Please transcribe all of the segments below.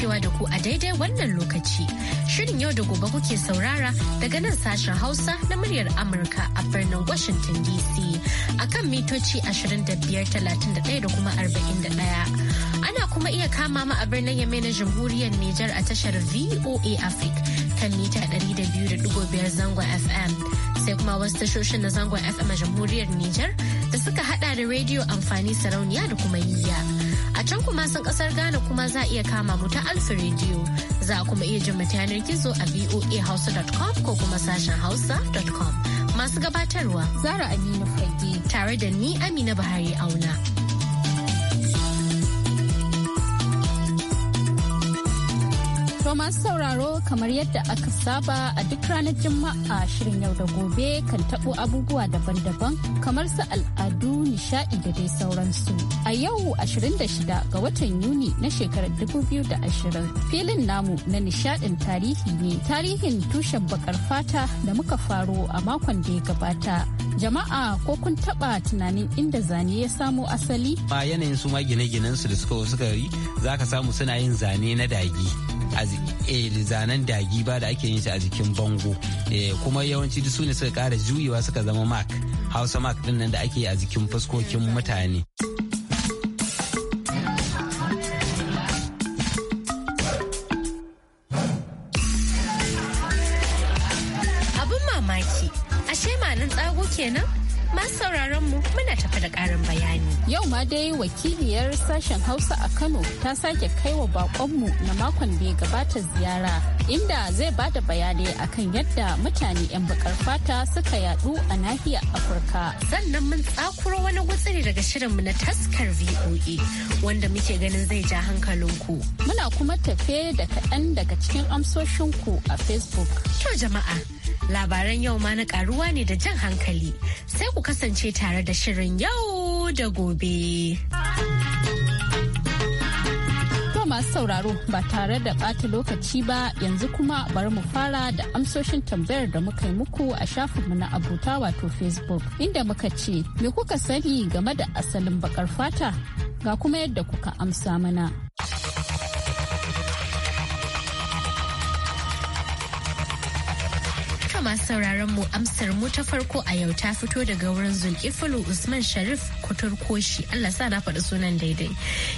kasancewa da ku a daidai wannan lokaci. Shirin yau da gobe kuke saurara daga nan sashen Hausa na muryar Amurka a birnin Washington DC a kan mitoci 25,31 da kuma 41. Ana kuma iya kama mu a birnin Yame na Jamhuriyar Nijar a tashar VOA Africa kan mita 200.5 zangon FM. Sai kuma wasu tashoshin na zangon FM a Jamhuriyar Nijar da suka hada da rediyo amfani sarauniya da kuma yiya. A can kuma sun kasar Ghana kuma za iya kama mu ta Alfa Radio. Za kuma iya jin yanar gizo a voahausa.com ko kuma sashen hausa.com. Masu gabatarwa Zara Aminu Fage tare da ni Amina Buhari Auna. To masu sauraro kamar yadda aka saba a duk ranar Juma'a shirin yau da gobe kan tabo abubuwa daban-daban kamar su al'adu, nishadi da dai sauransu. A yau 26 ga watan Yuni na shekarar 2020 filin namu na nishadin tarihi ne tarihin tushen bakar fata da muka faro a makon da ya gabata. Jama'a ko kun taɓa tunanin inda zane ya samo asali? Ba yanayin su ma gine su da suka suka yi za ka samu suna yin zane na dagi. Eh, zanen dagi ba da ake yin shi a jikin bango eh, kuma yawanci su ne suka kara juyewa suka zama mark hausa mark din nan da ake a jikin fuskokin mutane. mamaki ashe kenan masu sauraron mu muna tafi da ƙarin bayani. Yau ma dai wakiliyar sashen Hausa a Kano ta sake kai wa bakonmu na makon da ya gabata ziyara inda zai bada bayanai akan yadda mutane 'yan bakar fata suka yadu a nahiyar Afirka. Sannan mun tsakuro wani gutsiri daga shirin mu na taskar VOA wanda muke ganin zai ja hankalinku. Muna kuma tafe da kaɗan daga cikin amsoshinku a Facebook. To jama'a, labaran yau ma na karuwa ne da jan hankali. Sai ku kasance tare da shirin yau da gobe. masu sauraro ba tare da ɓata lokaci ba yanzu kuma bari mu fara da amsoshin tambayar da muka yi muku a shafinmu na abota wato facebook inda muka ce me kuka sani game da asalin bakar fata ga kuma yadda kuka amsa mana ma masu sauraron mu amsar mu ta farko a yau ta fito daga wurin Zulkifulu Usman Sharif Kuturkoshi Allah sa na faɗi sunan daidai.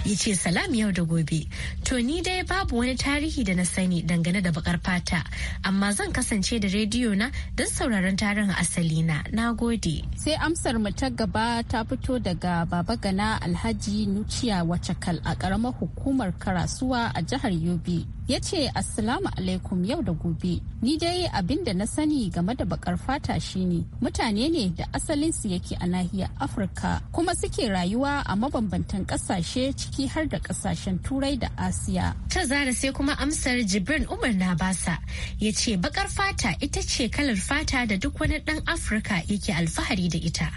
Ya ce salam yau da gobe. To ni dai babu wani tarihi da na sani dangane da bakar fata amma zan kasance da rediyo na don sauraron tarin asali na. Na gode. Sai amsar mu ta gaba ta fito daga Baba Gana Alhaji Nuciya Wacakal a karamar hukumar Karasuwa a jihar Yobe. Ya ce Assalamu alaikum yau da gobe. Ni dai abin da na sani sani game da bakar fata shine mutane ne da asalinsu yake a nahiyar Afirka kuma suke rayuwa a mabambantan kasashe ciki har da kasashen Turai da Asiya. Ta zara sai kuma amsar Jibrin Umar na basa ya ce bakar fata ita ce kalar fata da duk wani dan Afirka yake alfahari da ita.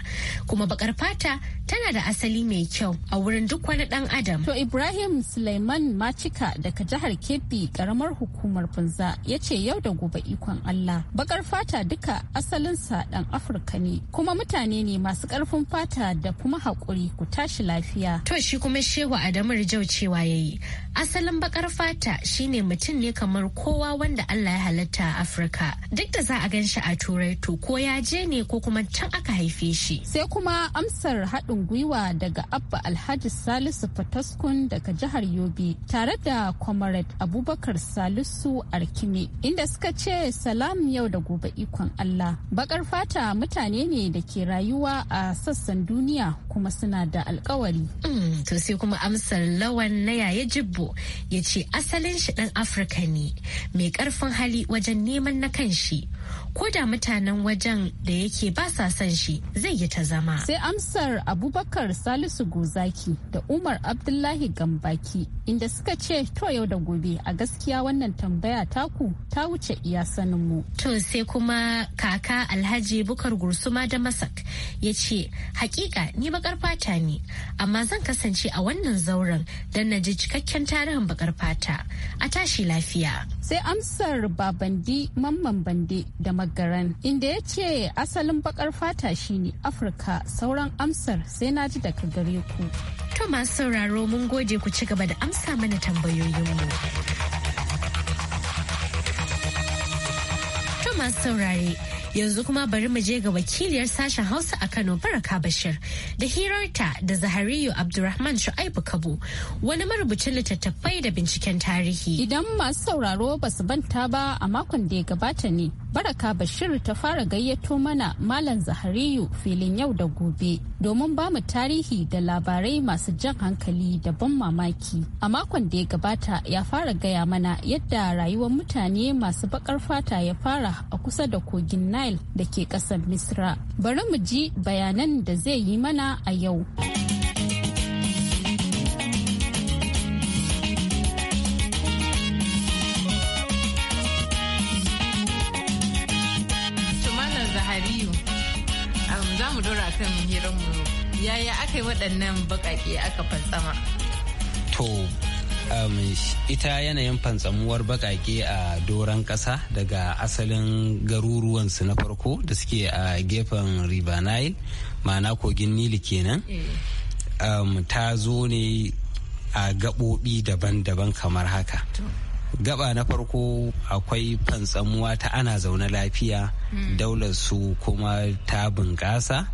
Kuma bakar fata tana da asali mai kyau a wurin duk wani dan Adam. To Ibrahim Suleiman Macika daga jihar Kebbi karamar hukumar Funza ya ce yau da gobe ikon Allah. Bakar fata duka asalinsa dan afirka ne kuma mutane ne masu karfin fata da kuma haƙuri ku tashi lafiya to shi kuma shehu adamu rijau cewa yayi asalin bakar fata shine mutum ne kamar kowa wanda allah ya halatta a afirka duk da za a gan shi a turai to ko ya je ne ko kuma can aka haife shi sai kuma amsar haɗin gwiwa daga abba alhaji salisu fataskun daga jihar yobe tare da comrade abubakar salisu arkime inda suka ce salam yau da gobe duba ikon Allah. Bakar fata mutane ne da ke rayuwa a sassan duniya kuma suna da alkawari. Mm, to sai kuma amsar lawan na yaya jibbo ya ce asalin shi dan Afirka ne mai karfin hali wajen neman na kanshi. ko da mutanen wajen da yake ba sa son shi zai yi ta zama. Sai amsar Abubakar Salisu Gozaki da Umar Abdullahi Gambaki inda suka ce to yau da gobe a gaskiya wannan tambaya taku ta wuce iya mu To sai kuma kaka Alhaji Bukar Gursuma da Masak ya ce hakika ni bakar fata ne amma zan kasance a wannan zauren don na ji cikakken tarihin bakar fata a tashi lafiya. Sai amsar Babandi Mamman Bande da magaran inda ya ce asalin bakar fata shine afirka sauran amsar sai na ji daga gare ku to masu sauraro mun gode ku ci gaba da amsa mana tambayoyinmu to masu saurare yanzu kuma bari mu je ga wakiliyar sashen hausa a kano baraka bashir da hirarta da zahariyu abdulrahman shu'aibu kabu wani marubucin littattafai da binciken tarihi idan masu sauraro ba su banta ba a makon da ya gabata ne baraka bashir ta fara gayyato mana malam zahariyu filin yau da gobe domin bamu tarihi da labarai masu jan hankali da ban mamaki a makon da ya gabata ya fara gaya mana yadda rayuwar mutane masu bakar fata ya fara a kusa da kogin nile da ke kasar misra bari mu ji bayanan da zai yi mana a yau. za mu dora kan hirinmu yaya aka yi waɗannan baƙaƙe aka fantsama to um, ita yanayin fantsamuwar baƙaƙe a doron ƙasa daga asalin garuruwansu na farko da suke a gefen river nile ma'ana kogin nili kenan eh. um, ta zo ne a gaɓoɓi daban-daban kamar haka. gaba na farko akwai fantsamuwa ta ana zaune lafiya hmm. daular su kuma ta bunƙasa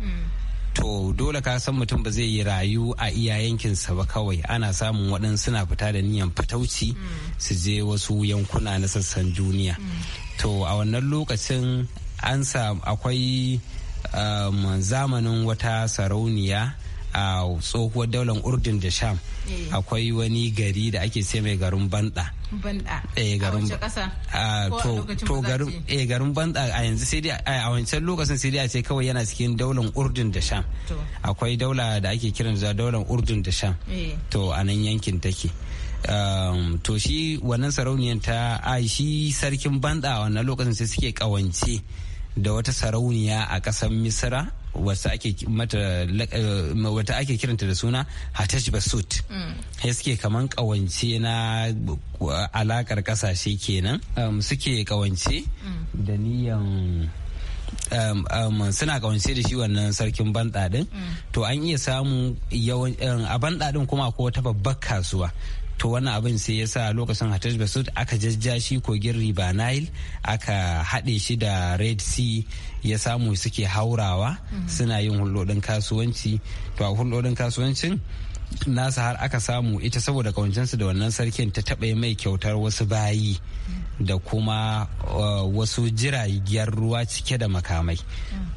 to dole ka san mutum ba zai yi rayu a iya yankinsa ba kawai ana samun waɗansu suna fita da niyan fatauci hmm. su je wasu yankuna na sassan duniya hmm. to a wannan lokacin an akwai um, zamanin wata sarauniya a tsohuwar daular urdun da sham eh. akwai wani gari da ake ce mai garin banda banda eh, ah, a to to garin eh garin banda a yanzu sai dai a wancan lokacin sai dai a ce kawai yana cikin daular urdun da sham akwai daula da ake kiran da daular urdun da sham eh. to a nan yankin take um, to shi wannan sarauniyar ta a shi sarkin banda wannan lokacin sai suke kawance da wata sarauniya a ƙasar misira Eh, wata ake kiranta da suna hatash basut mm. ya um, suke kaman kawance na mm. alakar kasashe kenan suke kawance da niyan um, um suna kawance da shi wannan sarkin banɗaɗin mm. to an iya samu um, a banɗaɗin kuma ko wata babbar kasuwa to wani abin sai ya sa lokacin Hajjaj Basud aka jajja shi kogin Riba Nile aka haɗe shi da Red Sea ya samu suke haurawa mhm. suna yin hulɗoɗin kasuwanci to a hulɗoɗin kasuwancin nasa har aka samu ita saboda kawancinsu da wannan sarkin ta taɓa mai kyautar wasu bayi mhm. da kuma uh, wasu jiragiyar ruwa cike da makamai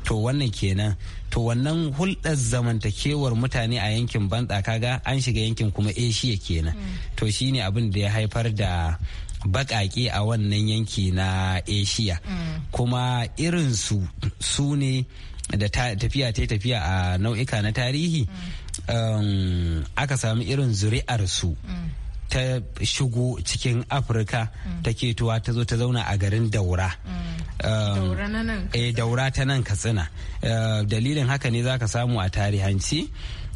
to wannan kenan to wannan hulɗar zamantakewar mutane a yankin bantsa kaga an shiga yankin kuma eshiya kenan to shine abin da ya haifar da baƙaƙe a wannan yanki na eshiya kuma irinsu su ne da tafiya ta tafiya a nau'ika na tarihi um, aka samu irin zuri'arsu ta shigo cikin afirka mm. ta ketowa ta zo ta zauna a garin daura mm. um, eh, daura ta nan katsina uh, dalilin haka ne za ka samu a tarihanci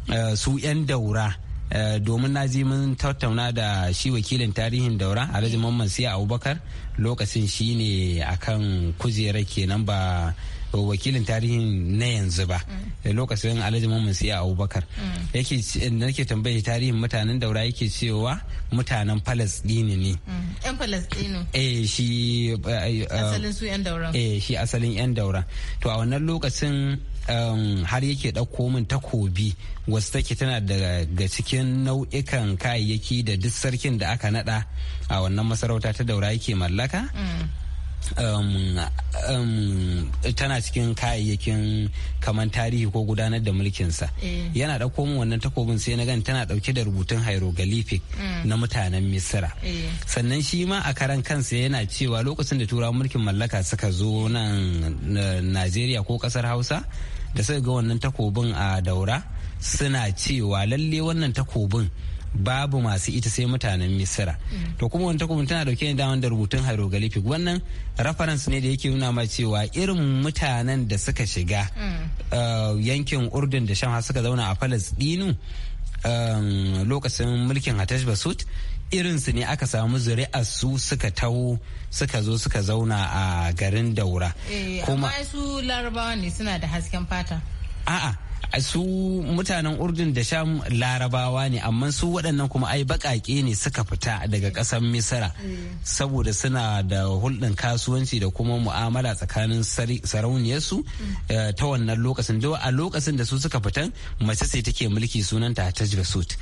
uh, su 'yan daura uh, domin na ji mun tattauna da shi wakilin tarihin daura alhaji mamman siya abubakar lokacin shi ne akan kujerar kenan ba wakilin tarihin na yanzu ba mm. eh, lokacin alhaji mamman siya abubakar mm. yake eh, nake tambaye tarihin mutanen daura yake cewa mutanen palestini ne mm. yan palestini eh shi eh, um, asalin su yan daura eh shi asalin yan daura to a wannan lokacin um, har yake ɗauko min takobi wasu take tana daga cikin nau'ikan kayayyaki da duk sarkin da aka nada a wannan masarauta ta daura yake mallaka Um, um, tana cikin kayayyakin kamar tarihi ko gudanar da mulkinsa eh. yana ɗauko min wannan takobin sai na gani tana ɗauke da rubutun hieroglyphic mm. na mutanen misira eh. sannan shi ma a karan kansa yana cewa lokacin da turawan mulkin mallaka suka zo nan najeriya ko ƙasar hausa da suka ga wannan takobin a daura suna cewa lalle wannan takobin babu masu ita sai mutanen misira to kuma wani takobin tana dauke ne da rubutun hieroglyphic wannan reference ne da yake nuna ma cewa irin mutanen da suka shiga mm. uh, yankin urdun da shan suka zauna a falas dinu um, lokacin mulkin hatash basut irinsu ne aka samu zuri'ar su suka taho suka zo suka zauna a garin daura. Eh, kuma su larabawa ne suna da hasken fata a'a su mutanen urdun da sham larabawa ne amma su waɗannan kuma ai baƙaƙe ne suka fita daga ƙasar misira saboda suna da hulɗin kasuwanci da kuma mu'amala tsakanin sarauniyarsu eh, ta wannan lokacin da a lokacin da su suka fitan mace sai take mulki sunanta ta sut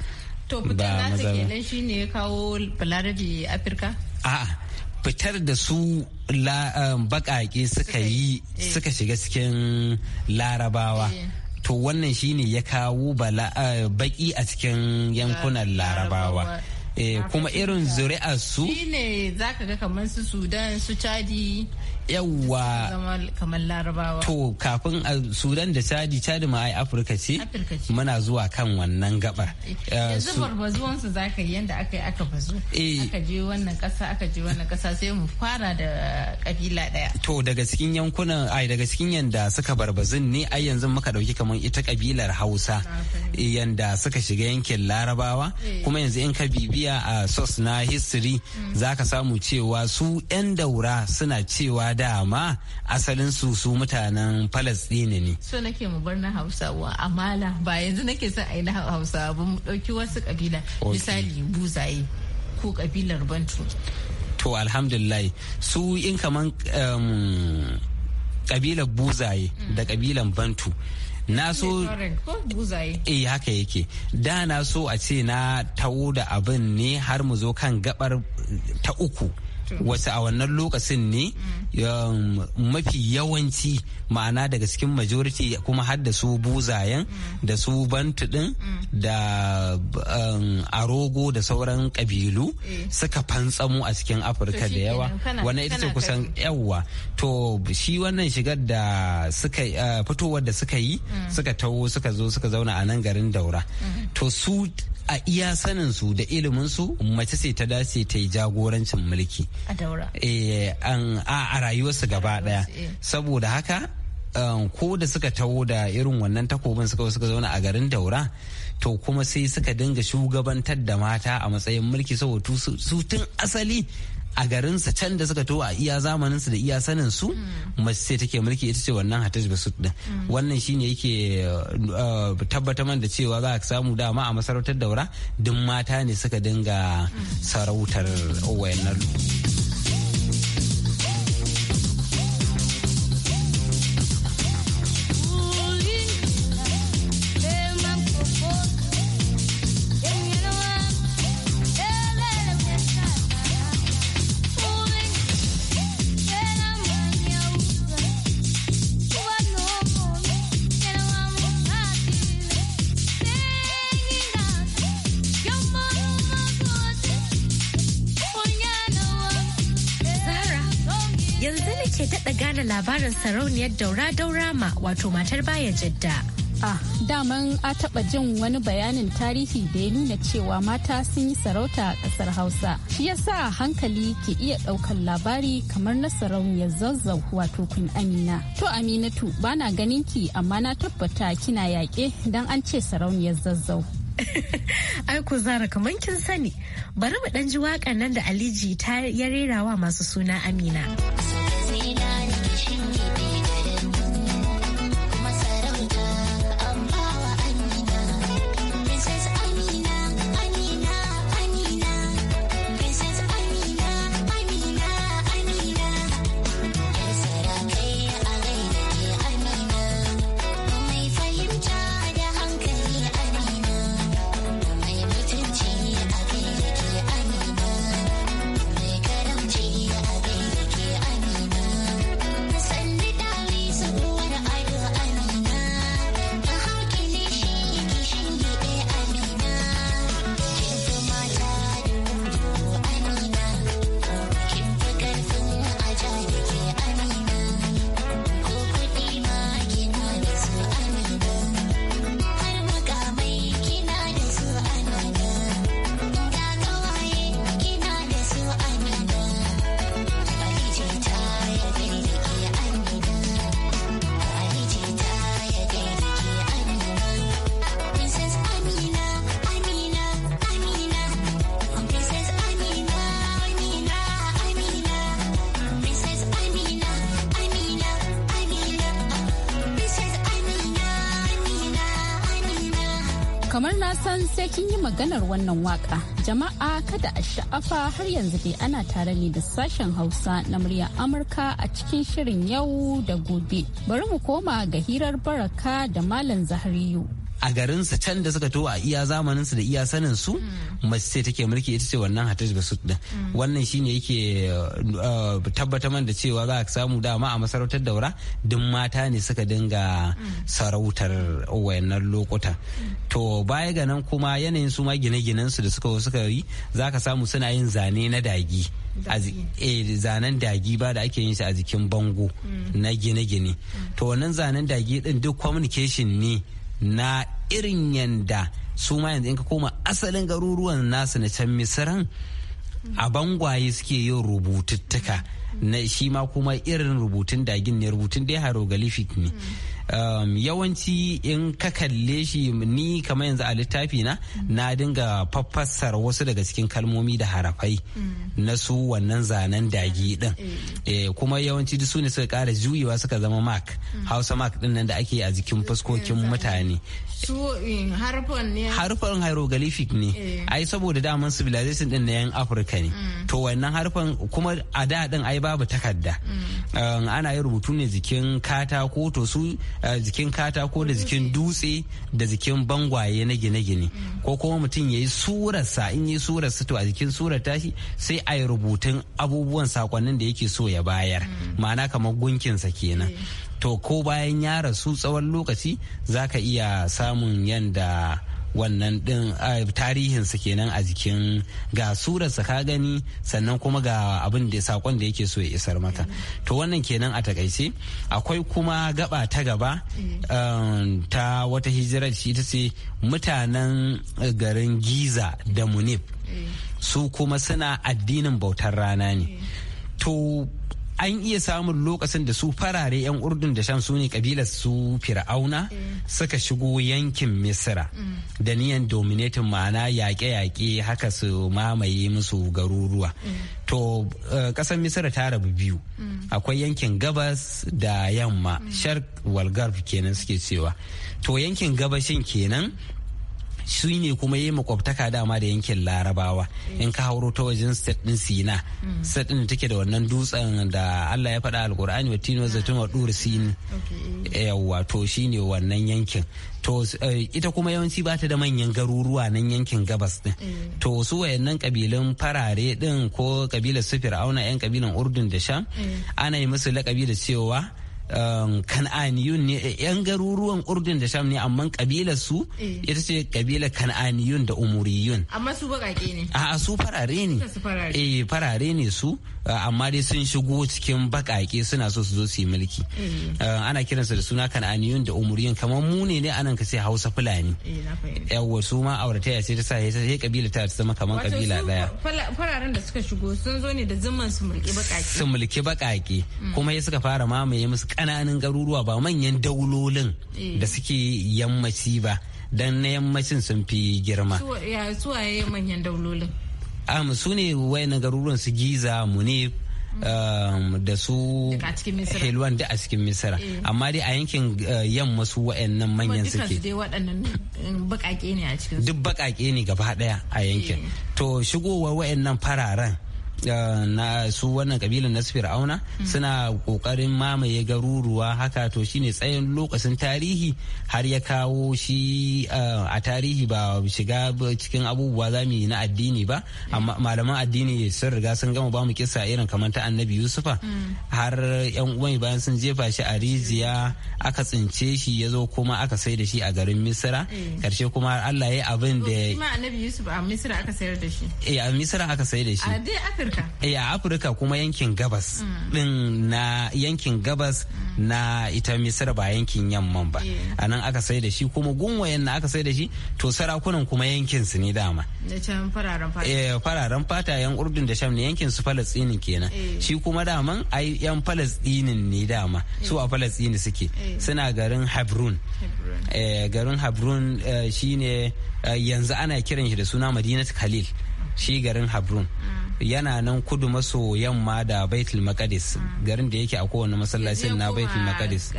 to fitan nata kenan shine ya kawo balarabi afirka a'a fitar da su um, baƙaƙe suka yi eh. suka shiga cikin larabawa eh. to wannan shine ya kawo uh, baƙi a cikin yankunan larabawa eh kuma irin zuri'a su za ka ga kamar su Sudan su Chadi yawwa kamar larabawa to kafin a sudan da chadi chadi ma ai afirka ce muna zuwa kan wannan gabar eh, eh, yanzu barbazuwan su ka yi yanda aka yi aka bazu eh. aka je wannan kasa aka je wannan kasa sai mu fara da kabila daya to daga cikin yankunan ai daga cikin yanda suka barbazin ne ai yanzu muka dauki kamar ita kabilar hausa yanda suka shiga yankin larabawa kuma yanzu in ka bibiya bibiya a sos na history zaka samu cewa su 'yan daura suna cewa dama asalin su su mutanen palestine ne so nake mu bar na hausawa amala ba yanzu nake son a yi na hausawa ba mu dauki wasu kabila misali buzaye ko kabilar bantu to alhamdulillah su in kaman kabilar um, buzaye da kabilan bantu na so e haka yake da na so a ce na tawo da abin ne har mu zo kan gabar ta uku wasu a wannan lokacin ne um, mafi yawanci ma'ana daga cikin majority kuma har da su buzayen da su bantudin da um, arogo da sauran kabilu eh. suka fantsamu a cikin afirka da yawa wannan ita ce kusan yawa to shi wannan shigar da suka uh, fitowar da suka yi mm. suka taho suka zo suka zauna a nan garin daura mm-hmm. to su a iya sanin su da ilimin su mace ce ta dace ta yi jagorancin mulki a eh, a rayuwarsu gaba daya eh. saboda haka um, ko da suka taho da irin wannan takobin suka suka zauna a garin daura to kuma sai suka dinga shugabantar da mata a matsayin mulki saboda su tun asali a garinsa can da suka towa a iya zamaninsu da iya sanin su mm. mace take mulki ita ce wannan hataj basut din mm. wannan shine yake uh, tabbatar da cewa za ka samu dama a masarautar daura duk mata ne suka dinga mm. sarautar wayannan sarauniyar daura daura ma wato matar baya jadda a ah, daman a taba jin wani bayanin tarihi da ya nuna cewa mata sun yi sarauta a ƙasar Hausa. Shi ya sa hankali ke iya ɗaukar labari kamar na sarauniyar zazzau wato kun Amina. To Aminatu na ganin ki amma na tabbata kina yaƙe don an ce sarauniyar zazzau. Ai ku zara kamar kin sani. Bari mu ɗan ji waƙan nan da Aliji ta ya rerawa masu suna Amina. kin yi maganar wannan waka jama'a kada a sha'afa har yanzu dai ana tare ne da sashen hausa na murya amurka a cikin shirin yau da gobe bari mu koma ga hirar baraka da malam zahariyu a garinsa can da suka to a iya zamaninsu da iya sanin su mm. mace take mulki ita ce wannan hatar da su din mm. wannan shine yake uh, tabbatar man da cewa za a samu dama a masarautar daura duk mata ne suka dinga mm. sarautar wayannan lokuta to baya ga nan kuma yanayin su ma gine-ginen su da suka suka yi za ka samu suna yin zane na dagi eh, zanen dagi ba da ake yin shi a jikin bango na gine-gine to wannan zanen dagi din duk communication ne na irin yanda su ma yanzu in ka koma asalin garuruwan nasu na can misiran a bangwaye suke yin rubututtuka na shi ma kuma irin rubutun dagin ne rubutun dai harogalifik ne. Um, yawanci in ka kalle shi ni kamar yanzu a littafi na na dinga fafasar wasu daga cikin kalmomi da harafai mm. na su wannan zanen dagi din eh. Eh, kuma yawanci su ne suka kara juyewa suka zama mark mm. hausa mark din nan da ake a jikin fuskokin mutane eh, ne harfan hieroglyphic ne ai saboda daman civilization din na yan afirka ne mm. to wannan harfan kuma a da din ai babu takarda um, ana yin rubutu ne jikin katako to su Eh, jikin katako da jikin dutse da jikin bangwaye na gine-gine ko kuma mutum ya yi surarsa in yi surarsa to a jikin surar tashi sai a yi rubutun abubuwan sakonnin da yake so ya bayar ma'ana kamar gunkinsa kenan eh. to ko bayan ya rasu tsawon lokaci za ka iya samun yanda wannan din tarihin su kenan a jikin ga surarsa ka gani sannan kuma ga abin da sakon da yake so ya isar mata to wannan kenan a takaice akwai kuma gaba ta gaba mm. um, ta wata hijirar shi ta ce mutanen uh, garin giza da munif mm. su kuma suna addinin bautar rana ne mm. to an iya samun lokacin da su farare 'yan urdun da shan sune ne kabilar su fir'auna eh. suka shigo yankin misira mm. da niyan dominatin ma'ana yaƙe-yaƙe haka su mamaye musu garuruwa mm. to eh, ƙasar misira ta rabu biyu mm. akwai yankin gabas da yamma shark walgarf kenan suke cewa to yankin gabashin kenan su ne kuma yi makwabtaka dama da yankin larabawa mm. in ka hauro ta wajen state din sina mm. state din take da wannan dutsen da allah ya faɗa alkur'ani watino zaitun wa ɗura sini yawwa to shine wannan yankin to eh, ita kuma yawanci ba ta da manyan garuruwa nan yankin gabas din mm. to su wayannan kabilun farare din ko kabilar su fir'auna yan kabilan urdun da sham ana yi musu lakabi da cewa Um, kan'aniyun ne eh, yan garuruwan urdun da sham ne amma kabilar su eh. ita ce kabilar kan'aniyun da umuriyun amma su bakake ne a su farare ne eh farare ne su eh, amma dai sun shigo cikin bakake suna so su zo su yi mulki ana kiransa da suna kan'aniyun da umuriyun kamar mu ne ne anan ka sai hausa fulani yawwa su ma ya ce ta sa sai kabila ta zama kamar kabila daya fararen da suka shigo sun zo ne da zaman su mulki bakake su mulki bakake mm. kuma ya suka fara mamaye musu kananan garuruwa ba manyan daulolin eh. da suke yammaci ba don na yammacin sun fi girma. Suwaye manyan daulolin? Um, su ne wayan garuruwan su giza munif ne mm. da su helwan da a cikin misira eh. amma dai a yankin eh, yamma su wa'annan manyan suke duk bakake ne gaba daya a yankin to shigowar wa'annan fararen na su wannan kabilan na fir'auna mm. suna kokarin mamaye garuruwa haka to shine tsayin lokacin tarihi har ya kawo shi eh, a tarihi ba shiga cikin abubuwa za mu yi na addini ba mm. amma malaman addini sun riga sun gama ba mu kisa irin kamar ta annabi yusufa mm. har yan uwan bayan sun jefa shi a rijiya aka tsince shi ya zo kuma aka sai da shi a garin misira eh. karshe kuma allah ya abin da ya yi a misira aka sayar da shi eh, a misira aka sayar da shi Afirka. Ya eh, a Afirka kuma yankin gabas mm. din na yankin gabas mm. na ita Misira ba yankin yamman ba. Eh. A nan aka sai da shi kuma gunwayen na aka sai da shi to sarakunan kuma yankin su ne dama. Da can fararen fata. Eh, fararen fata yan Urdun da Sham ne yankin su Falastinin kenan. Shi kuma daman ai yan Falastinin ne dama. Su a Falastini suke. Suna garin Habrun. garin Habrun shine yanzu ana kiran shi da suna Madinat Khalil. Shi garin Habrun. Mm. yana nan kudu maso yamma da baitul maqdis ah. garin da yake a kowane masallacin na baitul maqdis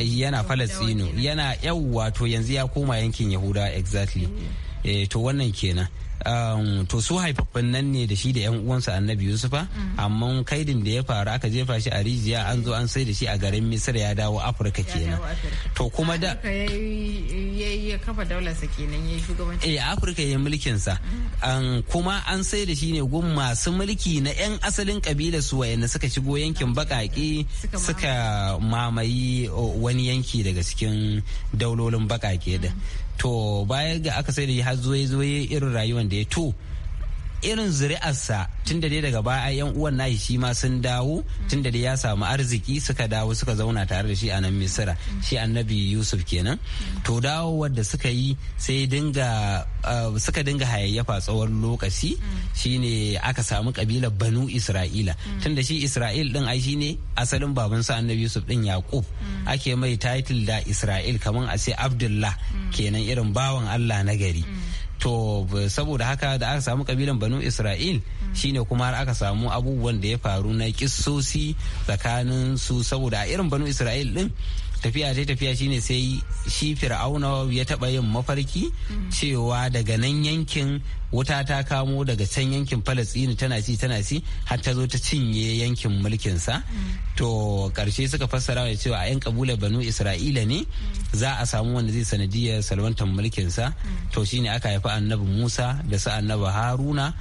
yana falastino yana yau wato yanzu ya koma yankin yahuda exactly mm. Eh, to wannan kenan um, to su haifaffen nan ne da shi da yan uwansa annabi yusufa mm. amma kaidin da ya faru aka jefa shi a rijiya an zo an sai da shi a garin misir ya dawo afirka kenan to kuma da ya kafa kenan ya eh, afirka ya mulkin sa mm. kuma an sai da shi ne gun masu mulki na yan asalin kabilar su wayanda suka shigo yankin bakaki suka mamayi wani yanki daga cikin daulolin bakake da to baya ga aka sai da ya zoye zoye irin rayuwar da ya to irin zuri'arsa tun da dai daga baya yan uwan nashi shi ma sun dawo tun da dai ya samu arziki suka dawo suka zauna tare da shi a nan misira shi annabi yusuf kenan to dawo wadda suka yi sai dinga uh, suka dinga hayayyafa tsawon lokaci shine aka samu kabilar banu isra'ila tun da shi isra'il din ai shine asalin babansa annabi yusuf din yaqub ake mai title da isra'il kaman a ce abdullah kenan irin bawan allah na gari to saboda haka da aka samu kabilan banu isra'il shine kuma har aka samu abubuwan da ya faru na kissosi tsakanin su saboda a irin banu isra'il din tafiya ta tafiya shine sai shi fir'auna ya taɓa yin mafarki cewa daga nan yankin wuta ta kamo daga can yankin falastini tana ci tana ci har ta zo ta cinye yankin mulkinsa to karshe suka fassara da cewa a yan kabula banu isra'ila ne za a samu wanda zai sanadiyar salwantar mulkinsa to shine aka haifi annabi musa da su annabi haruna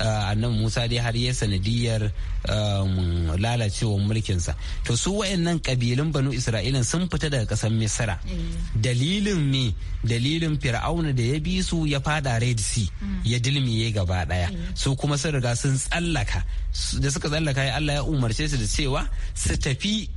Uh, annabi musa dai har ya sanadiyar um, lalacewar mulkinsa to su wayannan kabilun banu isra'ila sun fita daga kasar misra eh. dalilin me dalilin fir'auna da ya bi su ya fada red sea hmm. ya dilmiye gaba daya eh. su kuma sun riga sun tsallaka da suka tsallaka ya allah ya umarce su da cewa su tafi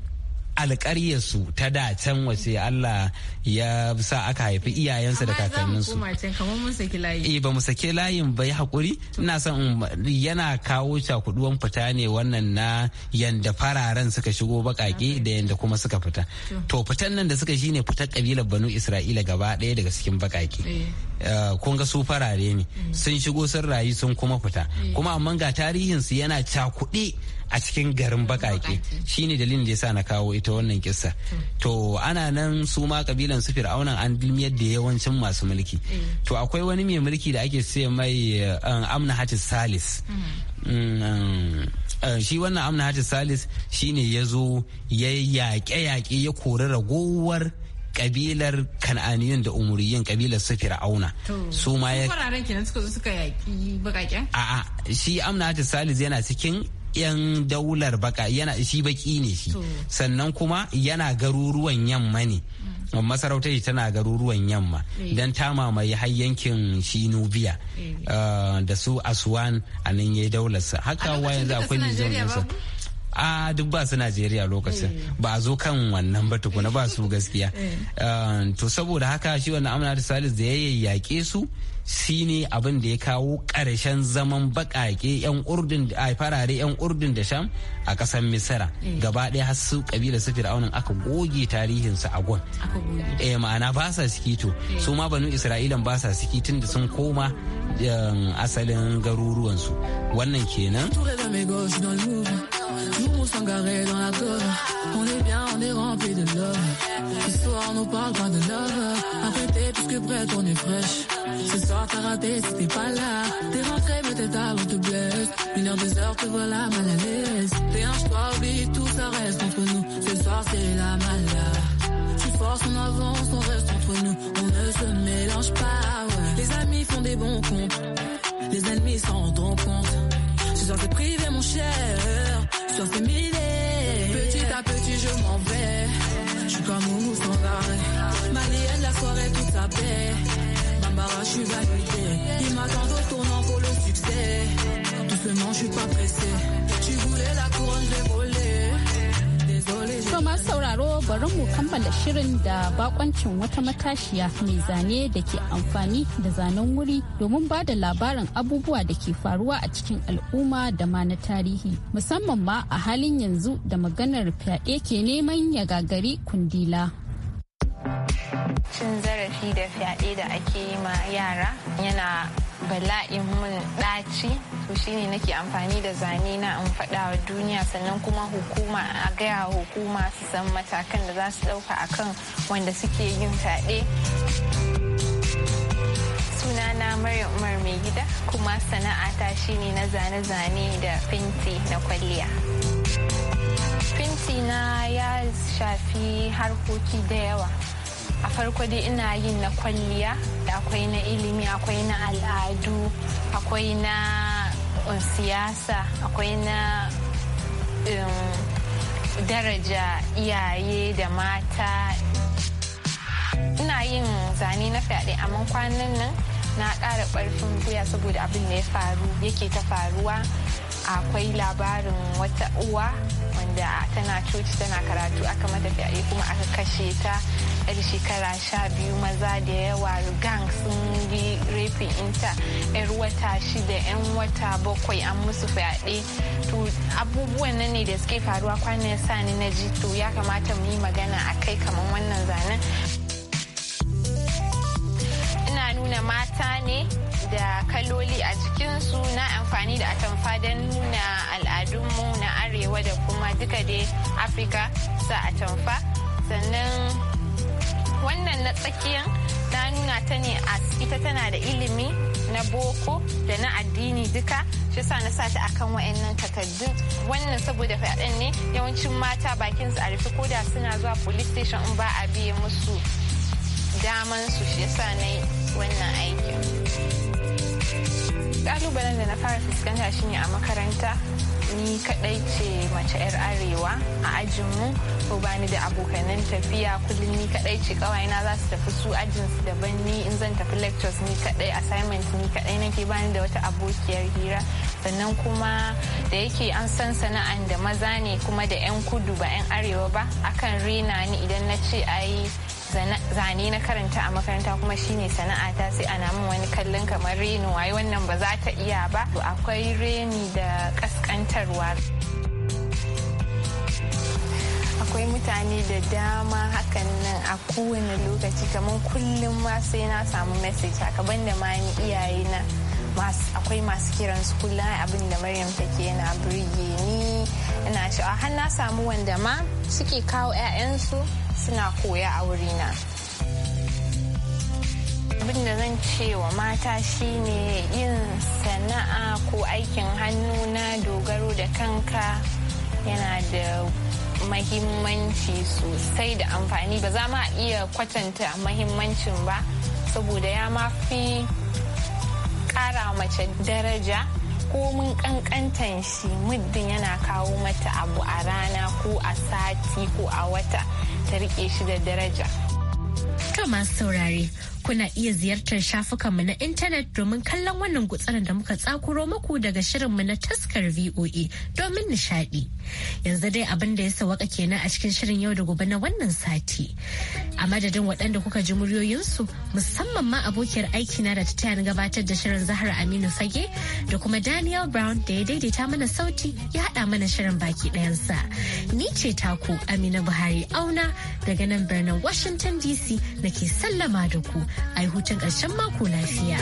alƙaryarsu ta da can wace Allah ya sa aka haifi iyayensa da kakanninsu. Eh ba mu sake layin ba ya haƙuri ina son yana kawo cakuduwan fita ne wannan na yanda fararen suka shigo baƙaƙe da yanda kuma suka fita. To fitan nan da suka shi ne fitar kabilar Banu Isra'ila gaba ɗaya daga cikin baƙaƙe. Eh. Eh, kun ga su farare ne mm. sun shigo sun rayu sun kuma fita eh. kuma amma ga tarihinsu yana cakuɗe a cikin garin bakake shine dalilin da yasa na kawo ita wannan kissa to ana nan su ma kabilan su fir'auna an dilmiyar da yawancin masu mulki to akwai wani mai mulki da ake sai mai um, amna hatis salis mm, um, shi wannan amna hatis salis shine ya zo ya yaƙe-yaƙe ya kori ragowar kabilar kan'aniyun da umuriyin kabilar su fir'auna su ma ya fararen kenan suka zo bakaƙen? a'a shi amna hatis salis yana cikin yan daular baka yana shi baki ne shi sannan kuma yana garuruwan yamma ne masarauta mm. masarautar tana garuruwan yamma eh. don ta mamaye har yankin shi eh. Eh, da su aswan a nan ya yi daularsa haka wa yanzu akwai nijar a duk ba su najeriya lokacin eh. ba a zo kan wannan ba tukuna ba su gaskiya eh. Eh, to saboda haka shi wannan amina da salis da ya yayyake su shi ne abin da ya kawo ƙarshen zaman baƙaƙe 'yan urdun a farare 'yan urdun da sham a ƙasar misira gaba ɗaya har su ƙabilar su fir'aunin aka goge tarihinsu a gon eh ma'ana ba sa to su ma banu isra'ilan ba sa tun da sun koma asalin garuruwansu wannan kenan Nous on s'engarrait dans la cove. On est bien, on est rempli de love. Ce soir on nous parle pas de love. t'es plus que prête, on est fraîche. Ce soir t'as raté c'était pas là. T'es rentré mais tes on te blesse Une heure, deux heures, te voilà mal à l'aise. T'es un choix, oublie tout, ça reste entre nous. Ce soir c'est la malade. Tu forces, on avance, on reste entre nous. On ne se mélange pas. Ouais. Les amis font des bons comptes. Les ennemis s'en rendront compte. Ce soir t'es privé mon cher Petit à petit, je m'en vais. Je suis comme Moumou sans arrêt. Malienne, la soirée, toute sa paix. Bambara, je suis validé. Ils m'attendent au tournant pour le succès. Doucement, je suis pas pressé. Tu voulais la couronne, je volé. To masu sauraro bari mu kammala shirin da bakoncin wata matashiya mai zane da ke amfani da zanen wuri domin ba da labarin abubuwa da ke faruwa a cikin al'umma da ma na tarihi. Musamman ma a halin yanzu da maganar fyaɗe ke neman ya gagari kundila. Cin zarafi da fyaɗe da ake yi ma yara yana Bala mun ɗaci to shine nake amfani da zane na in faɗa wa duniya sannan kuma hukuma a gaya hukuma su san matakan da za su ɗauka akan wanda suke yin fyaɗe. na Maryam Umar mai gida kuma sana'ata shine na zane-zane da finti na kwalliya. Finti na ya shafi harkoki da yawa a farko dai ina yin na kwalliya akwai na ilimi akwai na al'adu akwai na um, siyasa akwai na um, daraja iyaye da mata ina yin zane na fyaɗe amma kwanan nan na ƙara ƙarfin gwiwa saboda abin da ya faru yake ta faruwa akwai labarin wata uwa wanda tana coci tana karatu aka mata fyaɗe kuma aka kashe ta yar shekara sha biyu maza da yawa gang sun bi rafin inta yar wata shida yan wata bakwai an musu fyaɗe to abubuwan nan ne da suke faruwa kwanan sani na ji to ya kamata mu yi magana a kai kamar wannan zanen nuna mata ne da kaloli a jikinsu na amfani da atamfa don nuna al'adunmu na arewa da kuma duka dai afirka sa atamfa sannan wannan na tsakiyan na nuna ta ne a ita tana da ilimi na boko da na addini duka shi sa na sata akan wayannan takardun wannan saboda faɗin ne yawancin mata bakin su a rufe ko da suna zuwa police station in ba a biye musu daman su shi sa na yi wannan aikin ƙalubalen da na fara fuskanta shine a makaranta ni kadai ce mace 'yar arewa a ajinmu ko bani da abokanan tafiya kullum ni kadai ce kawai na za su tafi su ajin su daban ni in zan tafi lectures ni kaɗai assignment ni kaɗai nake bani da wata abokiyar hira sannan kuma da yake an san sana'an da maza ne kuma da 'yan kudu ba 'yan arewa ba akan rena ni idan na ce ayi zane na karanta a makaranta kuma shine sana'a ta sai ana min wani kallon kamar reni wai wannan ba za ta iya ba to akwai reni da kaskantarwa akwai mutane da dama hakan nan a kowane lokaci kamar kullum ma sai na samu message haka banda ma ni iyayena akwai masu kiran su kullum abin da maryam take yana birge ni ina cewa har na samu wanda ma suke kawo 'ya'yansu suna koya a wurina abin da zan ce wa mata shine yin sana'a ko aikin hannu na dogaro da kanka yana da mahimmanci sosai da amfani ba za ma iya kwatanta mahimmancin ba saboda ya ma fi kara mace daraja ko mun kankantan shi muddin yana kawo mata abu a rana ko a sati ko a wata ta rike shi da daraja. Kama saurare Kuna iya ziyartar shafukanmu na intanet domin kallon wannan gutsarin da muka tsakuro muku daga shirinmu na taskar VOA domin nishaɗi. Yanzu dai abin da ya sawaka kenan a cikin shirin yau da gobe na wannan sati. A madadin waɗanda kuka ji muryoyinsu musamman ma abokiyar aiki na da ta tayar gabatar da shirin Zahra Aminu Fage da kuma Daniel Brown da ya daidaita mana sauti ya haɗa mana shirin baki ɗayansa. Ni ce taku Amina Buhari Auna daga nan birnin Washington DC nake sallama da ku. a yi ƙarshen mako lafiya.